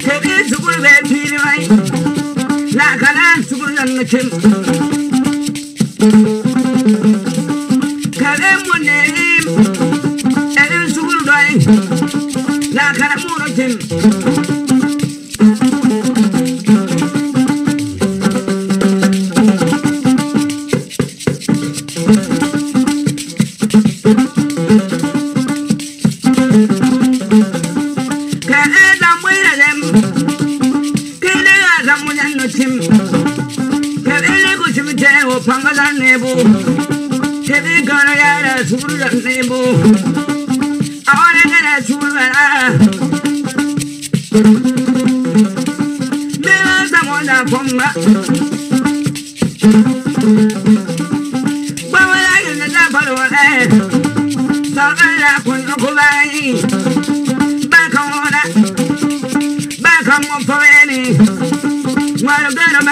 Kedi şukur ver piri vay La kalan şukur yanını kim Kalem bu neyim Elin şukur tim tebe ku tim pangalan ne bu tebe gana yara surulan ne bu avare gana surula mera samona pomba bawa ya yana da balwa eh fawani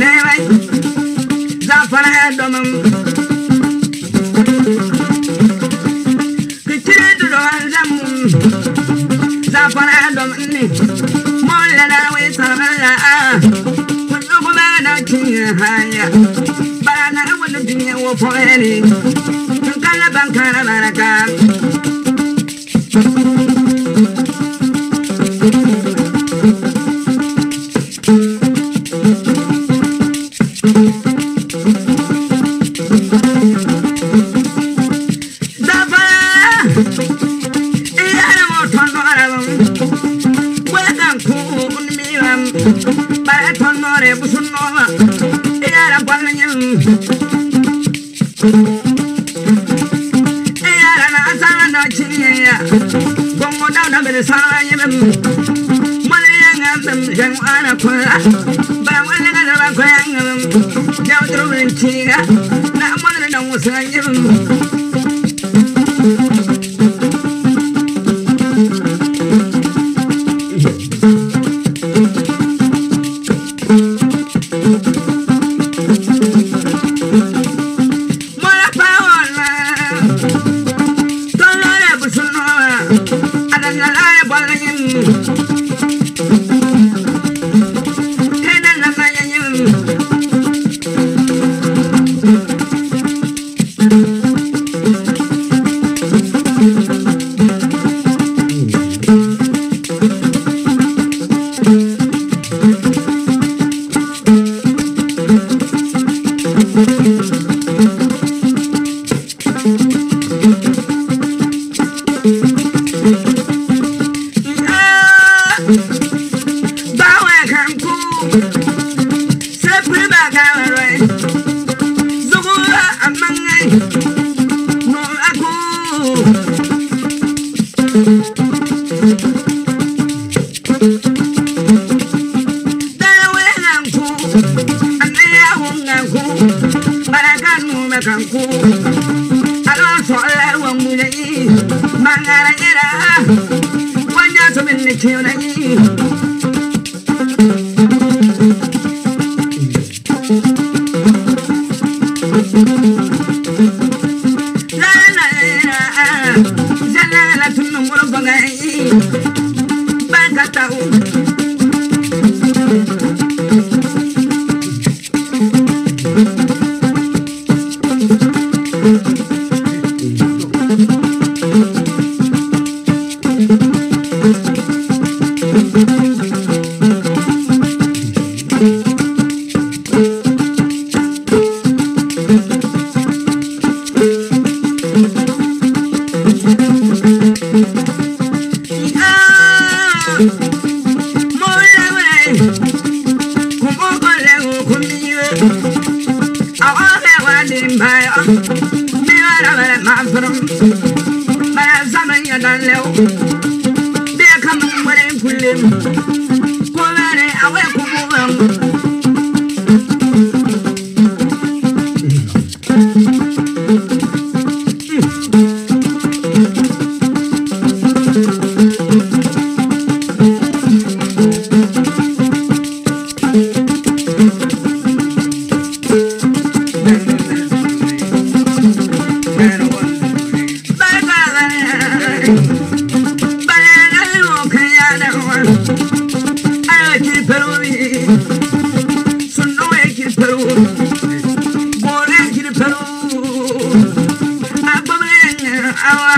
தேவை ஜாப்பனேதமும் கிச்சிடுவான் ஜம்மும் ஜாப்பனேதம் மொல்லடாவை சரமல்லா barana wo kala para tonore busunova era palanyam era na sala na chiya gongo da na yanga ana ba wala ba 会联红。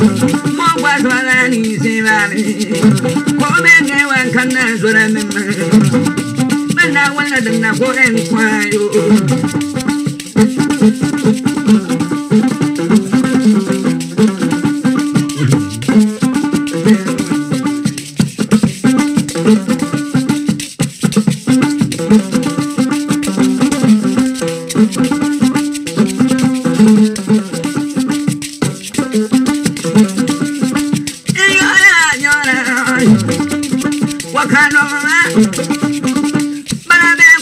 mo gwa zwa ni se ba ni ko me nge wa kan na zura min ma na wala dan na ko en kwayo Thank you.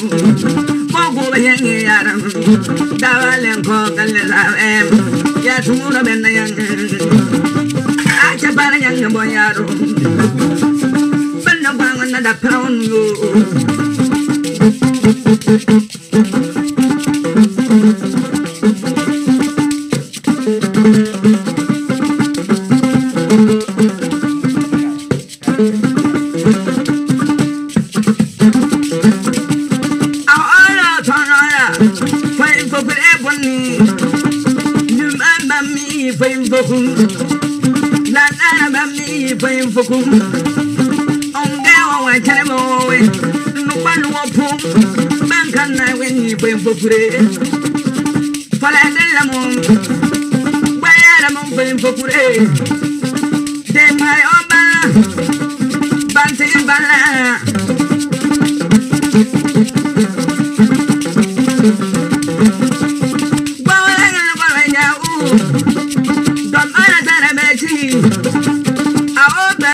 Mongol yang yaram, dawal yang kau kalle zawem, ya semua benda yang, aja bar yang boyaru, benda bangun ada فينفخ الأبني جمع مي فينفخ لا لا مي فينفخ أنجوا وشربوا نقبل وفو بانكنا وين فينفخ فلا دلمون ويا لمن فينفخ